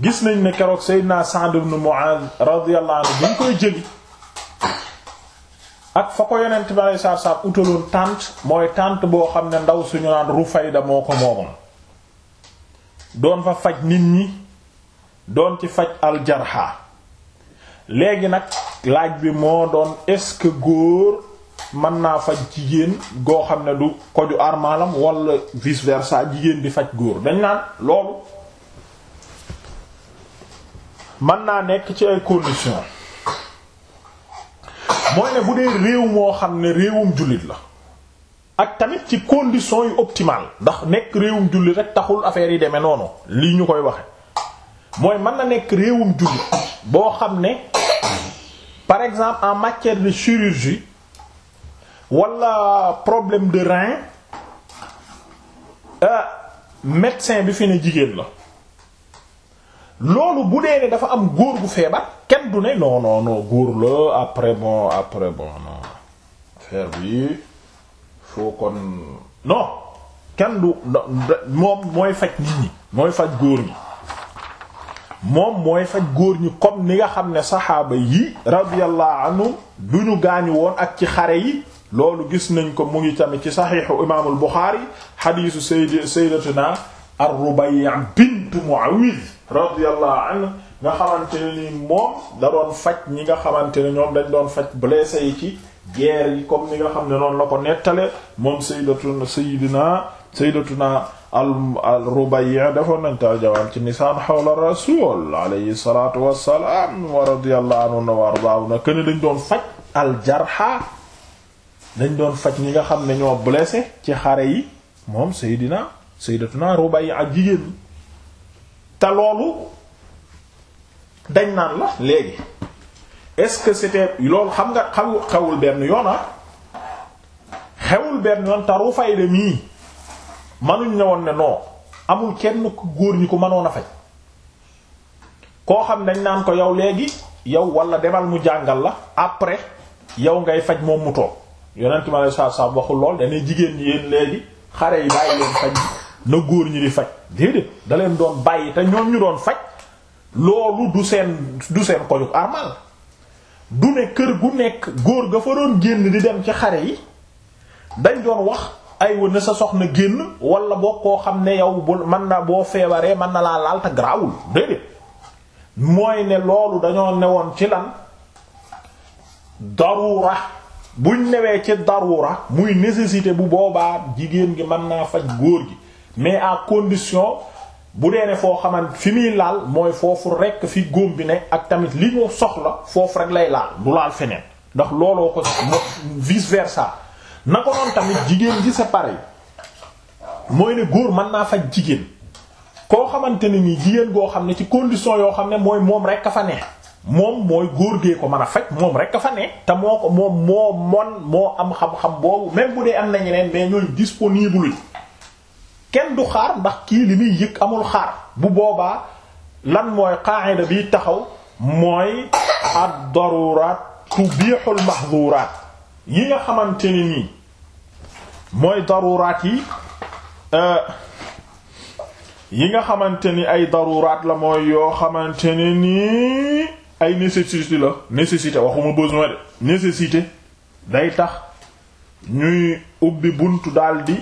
gis nañ ne keroog Seydina Sa'd ibn Mu'adh radiyallahu anhu ñu koy jëli ak fa ko yonent bi alayhi utaloon tànt mooy tànt boo xam ne ndaw suñu naan Rufayda moo ko moomoon doon fa faj nit ñi doon ci faj aljarha léegi nag laaj bi moo doon est-ce que góor mën naa faj jigéen goo xam ne du koju armalam wala vice versa jigéen di faj góor dañ naan loolu mën naa nekk ci ay conditions mooy ne bu dee réew moo xam ne réewum jullit la ak tamit ci conditions yu optimales ndax nekk réewum jullit rek taxul affaire yi demee noonu lii ñu koy waxe mooy mën na nekk réewum jullit boo xam ne par exemple en matière de chirurgie wala problème de rein euh médecin bi fi ne jigéen la. loolu bu dee ne dafa am góor gu feebar kenn du ne non non non góor la après bon après bon non affaire bi foo kon non kenn du moom mooy faj nit ñi mooy faj góor ñi moom mooy faj góor ñi comme ni nga xam ne saxaaba yi radiyallahu anhu du ñu gaañu woon ak ci xare yi loolu gis nañ ko mu ngi tamit ci saxiixu imaamul Buxaari xadiisu sayd sayyidatuna ar-Rubayyi bintu Muawiz radiyallahu anhu nga xamante ne ni moom da doon faj ñi nga xamante ne ñoom dañ doon faj blessé yi ci guerre yi comme ni nga xam ne noonu la ko nettale moom sayyidatuna sayyidina sayyidatuna al rubayya defoon nañ ta jawaab ci nisaan xawla rasul alayhi salatu wassalam wa radiyallahu anhu wa ardaahu na ken dañ doon faj al jarha dañ doon faj ñi nga xam ne ñoo blessé ci xare yi moom sayyidina sayyidatuna rubayya ak jigéen te loolu dañ naan la léegi est-ce que c'était loolu xam nga xaw xewul benn yoon ah xewul benn yoon te Rufayda mii manuñ ne woon ne non amul kenn góor ñi ko mënoon a faj koo xam dañ naan ko yow léegi yow wala demal mu jàngal la après yow ngay faj moom mu toog yonent ma ne saab saab waxul lool danay jigéen ñi léegi xare yi bàyyi leen faj na góor ñi di faj déedéet da leen doon bàyyi te ñoom doon faj loolu du seen du seen koju armal du ne kër gu nekk góor ga fa doon génn di dem ci xare yi dañ doon wax aywa na sa soxna génn walla boo koo xam ne yow bu mën naa boo feebaree mën na laa laal te garaawul déedéet mooy ne loolu dañoo newoon ci lan darura buñ newee ci darura muy nécessité bu boobaa jigéen gi mën naa faj góor gi mais à condition bu dee ne foo xamante fi muy laal mooy foofu rekk fi góom bi ne ak tamit li mu soxla foofu rekk lay laal du laal feneen ndax looloo ko vice versa na ko noon tamit jigéen ji c'est mooy ne góor mën naa faj jigéen koo xamante ni nii jigéen goo xam ne ci condition yoo xam ne mooy moom rekk a fa ne moom mooy góor gee ko mën a faj moom rekk a fa ne te moo ko moom moo mon moo am xam-xam boobu même bu dee am na ñeneen mais ñooy disponible kenn du xaar ndax kii li muy yëg amul xaar bu boobaa lan mooy qaa'ida bi taxaw mooy ad-daruraat tubiihul mahduraat yi nga xamante ne nii mooy daruraat yi euh, yi nga xamante ni ay daruraat la mooy yoo xamante ne nii ay nécessité la nécessité waxuma besoin de nécessité day tax ñuy ubbi buntu di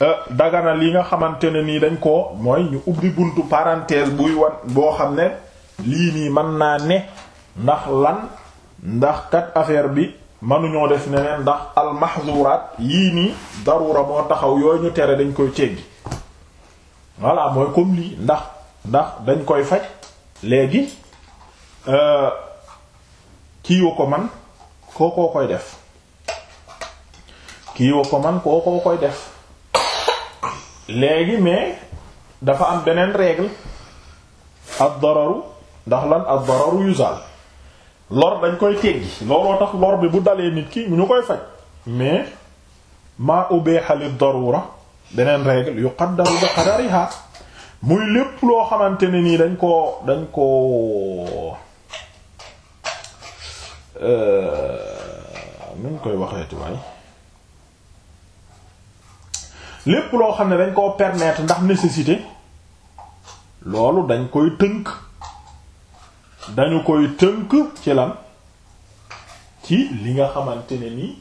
Euh, dagana li nga xamante ne nii dañ koo mooy ñu ubbi buntu parenthèse buy wa boo xam ne lii nii mën naa ne ndax lan ndax kat affaire bi mënuñoo def neneen ndax almahzurat yii nii darura moo taxaw yooyu ñu tere dañ koy teggi voilà mooy comme lii ndax ndax dañ koy faj léegi euh, kii ko man kookoo koy def kii ko man kookoo koy def léegi mais dafa am beneen règle ad dararu ndax lan ad dararu yuzal lor dañ koy teggi looloo tax lor bi bu dalee nit ki ñu koy faj mais maa ubeeha li darura beneen règle yuqaddaru bi qadariha muy lépp loo xamante ne nii dañ ko dañ ko euh, nuñ koy waxeeti waay lépp loo xam ne dañ koo permettre ndax nécessité loolu dañ koy tënk dañu koy tënk ci lan ci li nga xamante ne nii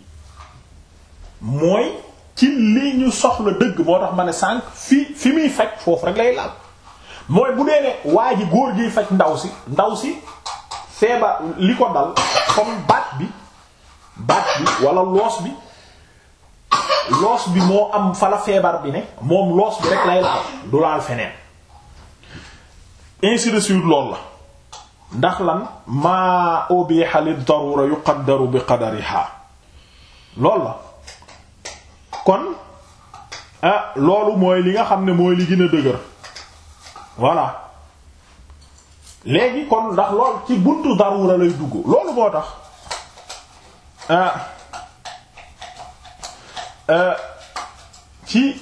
mooy ci li ñu soxla dëgg moo tax ma ne sànq fi fi muy faj foofu rek lay laal mooy bu dee ne waa ji góor giy faj ndaw si ndaw si feebar li ko dal comme baat bi baat bi walla loos bi loos bi moo am fala feebar bi ne moom loos bi rek lay laal du laal feneen ainsi de la ndax lan maa ubiha lid darura yuqaddaru bi qadariha loolu la kon ah loolu mooy li nga xam ne mooy li gën a dëgër voilà léegi kon ndax lool ci buntu darura lay dugg loolu moo tax ah, Euh, ci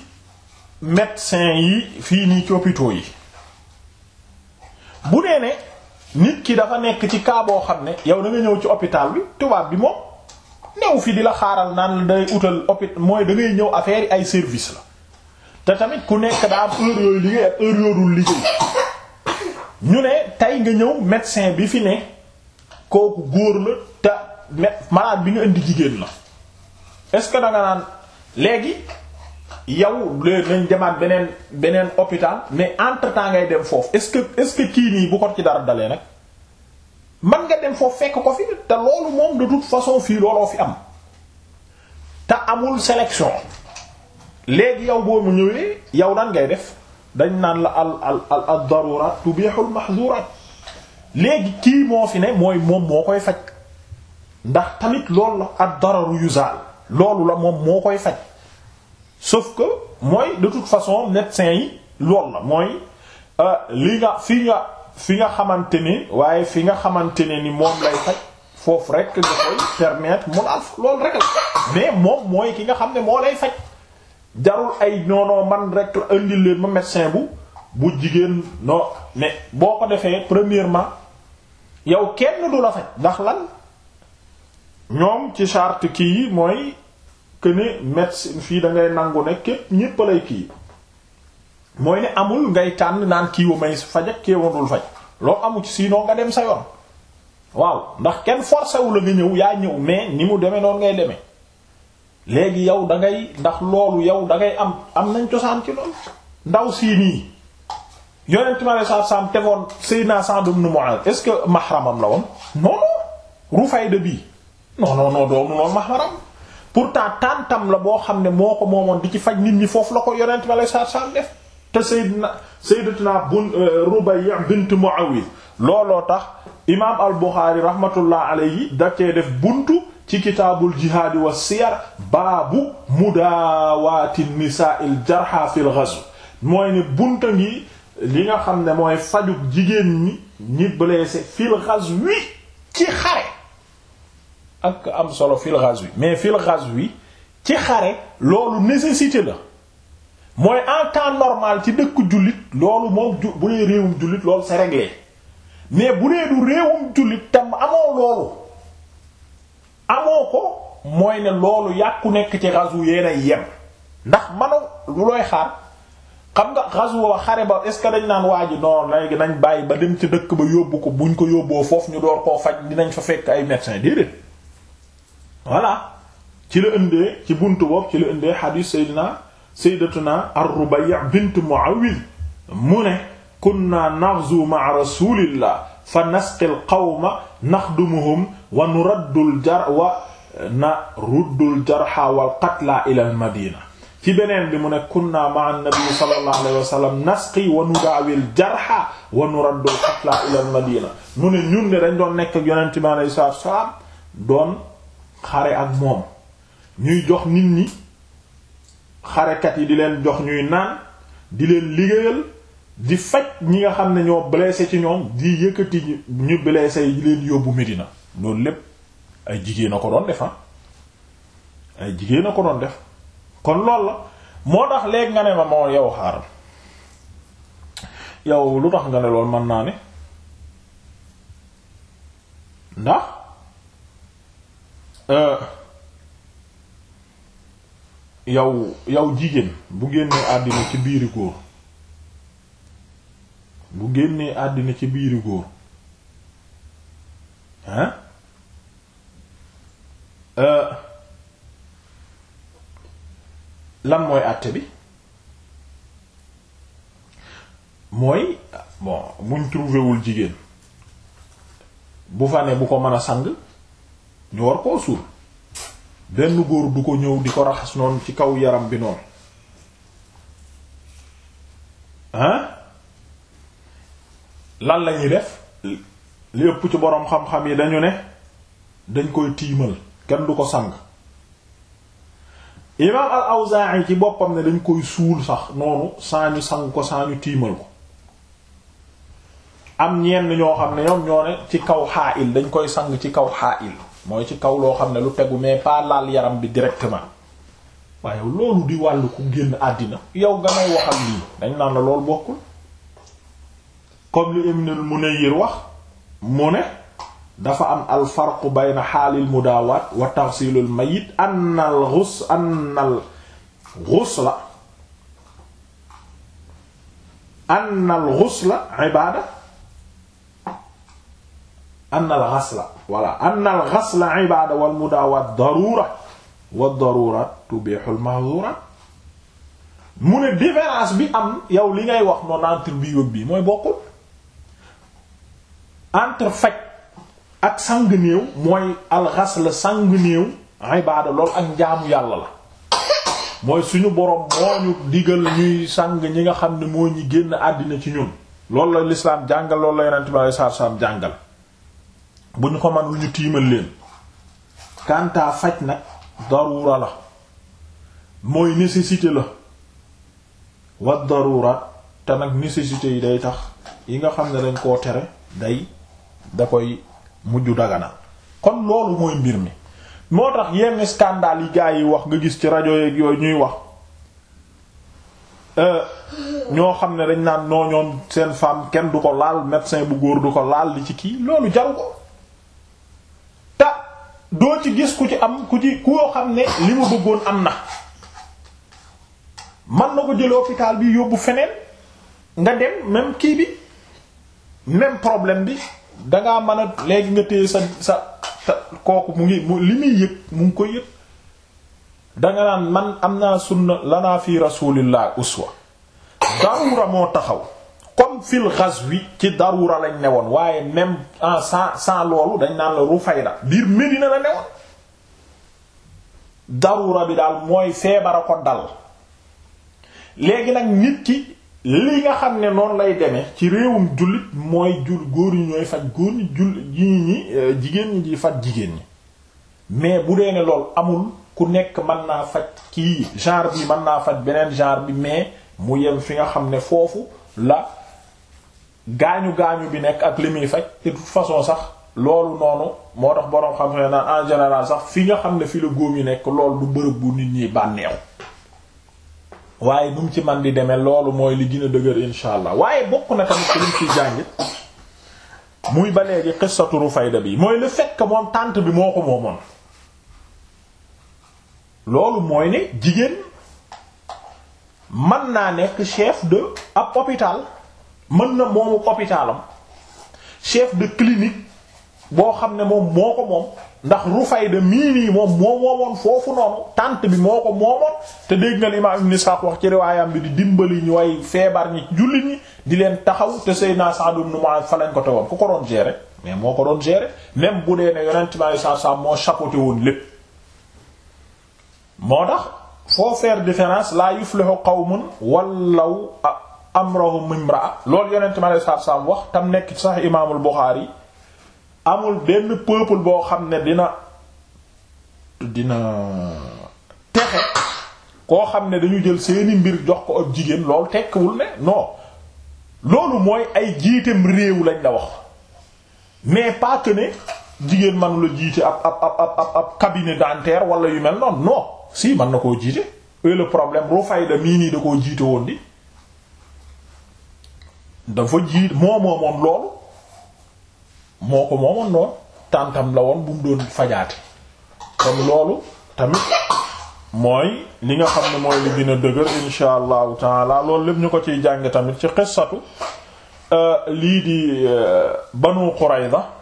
médecin yi fii nii ci hôpitaux yi bu nee ne nit ki dafa nekk ci cas boo xam ne yow da nga ñëw ci hôpital bi tubaab bi moom new fi di la xaaral naan day utal hôpital mooy da ñëw affaire ay service la te tamit ku nekk daa am heure yooyu liggéey ñu ne tey nga ñëw médecin bi fi ne kooku góor la te malade bi nga indi jigéen la est-ce naan léegi yow léegi nañ demaat beneen beneen hôpital mais entre temps ngay dem foofu est-ce que est-ce que kii nii bu ko ci dara dalee nag man nga dem foofu fekk ko fi te loolu moom de toute façon fii looloo fi am te amul sélection léegi yow boo mu ñëwee yow nan ngay def dañ naan la al al al al daruraat tubihul mahzurat léegi kii moo fi ne mooy moom moo koy faj ndax tamit loolu la ad dararu yuzaal loolu la moom moo koy faj sauf ko mooy de toute façon médecin yi loolu la mooy euh, li nga fi nga fi nga xamante ni waaye fi nga xamante ne ni moom lay faj foofu rek nga koy permettre mu laal loolu rek la mais moom mooy ki nga xam ne moo lay faj jarul ay noonoo man rek la indil leen ma médecin bu bu jigéen non mais boo ko defee premièrement yow kenn du la faj ndax lan ñoom ci charte kii yi mooy que ne médecine fii da ngay nangu ne képp ñépp lay kii mooy ne amul ngay tànn naan kii wu may faj ak kii faj loo amu ci sinon nga dem sa yoon waaw ndax kenn forcé wu la nga ñëw yaa ñëw mais ni mu demee noonu ngay deme léegi yow da ngay ndax loolu yow da ngay am am nañ cosaan ci loolu ndaw sii nii yonent mi alei satu salaam tegoon Seydina naa ibn Mu'adh est-ce que mahramam la woon non non Rufayda bii non non non doomu noonu mahmaram pourtant tantam la boo xam ne moo ko moomoon di ci faj nit ñi foofu la ko yonent ma lay saa saa def te sayyidna sayyidatuna bun euh, Rubayya bint Muawiz looloo tax imaam al-Bukhari rahmatullah alayhi da cee def buntu ci kitaabul jihaadi wa siyar baabu mudaawaati nisaa'il jarha fil ghazw mooy ne bunta ngi li nga xam ne mooy fajug jigéen ñi ñi blessé fil ghazwi ci xare ak am solo fil ghazwi mais fil ghazwi ci xare loolu nécessité la mooy en temps normal ci dëkk jullit loolu moom bu dee réewum jullit loolu c'est réglé mais bu dee du réewum jullit tam amoo loolu amoo ko mooy ne loolu yàqu nekk ci ghazwu yéen a yem ndax manu lu looy xaar xam nga ghazwu wa xare ba est-ce que dañ naan waa ji non léegi nañ bàyyi ba dem ci dëkk ba yóbbu ko buñ ko yóbboo foofu ñu door koo faj dinañ fa fekk ay médecins déedéet. voilà ci la ëndee ci buntu boobu ci la ëndee xadiis sayyidina sayyidatuna ar-Rubay' bint Mu'awwidh mu ne kunna naghzu ma'a rasulillah fa nasqi al-qawma nakhdumuhum wa nuraddu al-jar wa naruddu al-jarha wal-qatla ila al-madina ci beneen bi mu ne kunna ma'a an-nabi sallallahu alayhi wa sallam nasqi wa nudaawi al-jarha wa nuraddu al-qatla ila al-madina mu ne ñun de dañ doon nekk ak yonent bi alayhi salaatu wa salaam doon xare ak moom ñuy jox nit ñi xarekat yi di leen jox ñuy naan di leen liggéeyal di faj ñi nga xam ne ñoo blessé ci ñoom di yëkkati ñu blessé yi leen yóbbu Medina loolu lépp ay jigéen a ko doon def ah. jigéen a ko doon def kon loolu la moo tax léegi nga ne ma moo yow xaaral yow lu tax nga ne loolu mën naa ne ndax Euh, yow yow jigéen bu génnee àddina ci biiri góor bu génnee àddina ci biiri góor hein euh, lan mooy àtte bi mooy bon muñ trouvéwul jigéen bu fane bu ko mën a sang ñu war koo suul denn góor du ko ñëw di ko raxas noonu ci kaw yaram bi noonu hein lan lañuy def li ci boroom xam-xam yi dañu ne dañ koy tiimal kenn du ko sang imaam al-Awzaa'i ci boppam ne dañ koy suul sax noonu saa ñu sang ko saa ñu tiimal ko am ñenn ñoo xam ne ñoom ñoo ne ci kaw xaa il dañ koy sang ci kaw xaa il mooy ci kaw loo xam ne lu tegu mais pas laal yaram bi directement waaye loolu di wàllu ku génn àddina yow nga may waxal lii dañ naan la loolu bokkul comme mu Ibnul Munayyir wax mu ne dafa am al farq bayna xaalil mudaawaat wa taghsilul mayit annal ghus la ghusla annal la ibaada anna al ghasla wala anna al ghasla ibada wal mudaawaat darura wa darura tubihu mahdura mu ne différence bi am yow li ngay wax noonu entre bi wëg bi mooy bokkul entre faj ak sang néew mooy al ghasla sang néew ak njaamu yàlla mooy suñu borom moo ñu digal ñuy sang ñi nga xam ne moo ñi génn àddina ci ñun loolu la lislaam jàngal loolu la yonent bi sallallahu alayhi wasallam jàngal bu ñu ko manul ñu tiimal leen kantaa faj nag daruura la mooy nécessité la wa daruura te nag nécessité yi day tax yi nga xam ne dañ koo tere day da koy mujj dagana kon loolu mooy mbir mi moo tax yenn scandale yi gaa yi wax nga gis ci rajo yeeg yooyu ñuy wax euh, ñoo xam ne dañ naan noo ñoom seen femme kenn du ko laal médecin bu góor du ko laal li ci kii loolu jaru ko doo ci gis ku ci am ku ci koo xam ne li mu bëggoon am na man na ko jëloo hôpital bi yóbbu feneen nga dem même kii bi même problème bi danga mën a léegi nga téye sa sa kooku mu ngi li muy yëg mu ngi koy yëg danga naan man am naa sunna lanaa fi rasulillah uswa darura moo taxaw comme fil wi ci darura lañ newoon waaye même en sans sans loolu dañ naan la Rufayda biir Medina la newoon darura bi daal mooy feebar a ko dal léegi nag nit ki li nga xam ne noonu lay deme ci réewum jullit mooy jul góor ñi ñooy faj góor ñi jul ñi euh, jigéen ñi di faj jigéen ñi mais bu dee ne lool amul ku nekk mën naa faj kii genre bi mën naa faj beneen genre bi mais mu yem fi nga xam ne foofu la gaañu gaañu bi nekk ak li muy faj de toute façon sax loolu noonu moo tax boroom xam-xam naan en général sax fi nga xam ne fi la góom yi nekk lool du bërëb bu nit ñi bànneew waaye nu mu ci man di demee loolu mooy li gën a dëgër insha allah waaye bokk na tamit ci liñ ci jàngit muy ba léegi xissatu Rufayda bi mooy la fekk moom tante bi moo ko moomoon loolu mooy ne jigéen mën naa nekk chef de ab hôpital mën na moomu hôpitalam chef de clinique boo xam ne moom moo ko moom ndax Rufayda mii nii moom moo moomoon foofu noonu tante bi moo ko moomoon te dégg nga li imaam Ibn Ishaq wax bi di dimbali ñu way feebar ñi jullit di leen taxaw te Seydina Sa'd ibn Mu'adh fa lañ ko tegoon ku ko doon gérer mais moo ko bu dee moo chapeauté woon lépp moo tax faut faire la amrahum imraa loolu yonent mi alayhi salaatu salaam wax tam nekk ci sax imaamul Buxaari amul benn peuple boo xam ne dina dina texe koo xam ne dañu jël seeni mbir jox ko ab jigéen loolu tekkiwul ne non loolu mooy ay jiiteem réew lañ la wax mais pas que ne jigéen manu la jiite ab ab ab ab ab cabinet dentaire wala yu mel noonu non si mën na koo jiite et le problème Rufayda mii nii da koo jiite woon di dafa jiit moomoo moom loolu moo ko moomoon lool tàntam la woon bu mu doon fajaate kon loolu tamit mooy li nga xam ne mooy li gën a dëgër insha allahu taala loolu lépp ñu ko ciy jàng tamit ci xissatu euh, lii di euh, banu Qurayza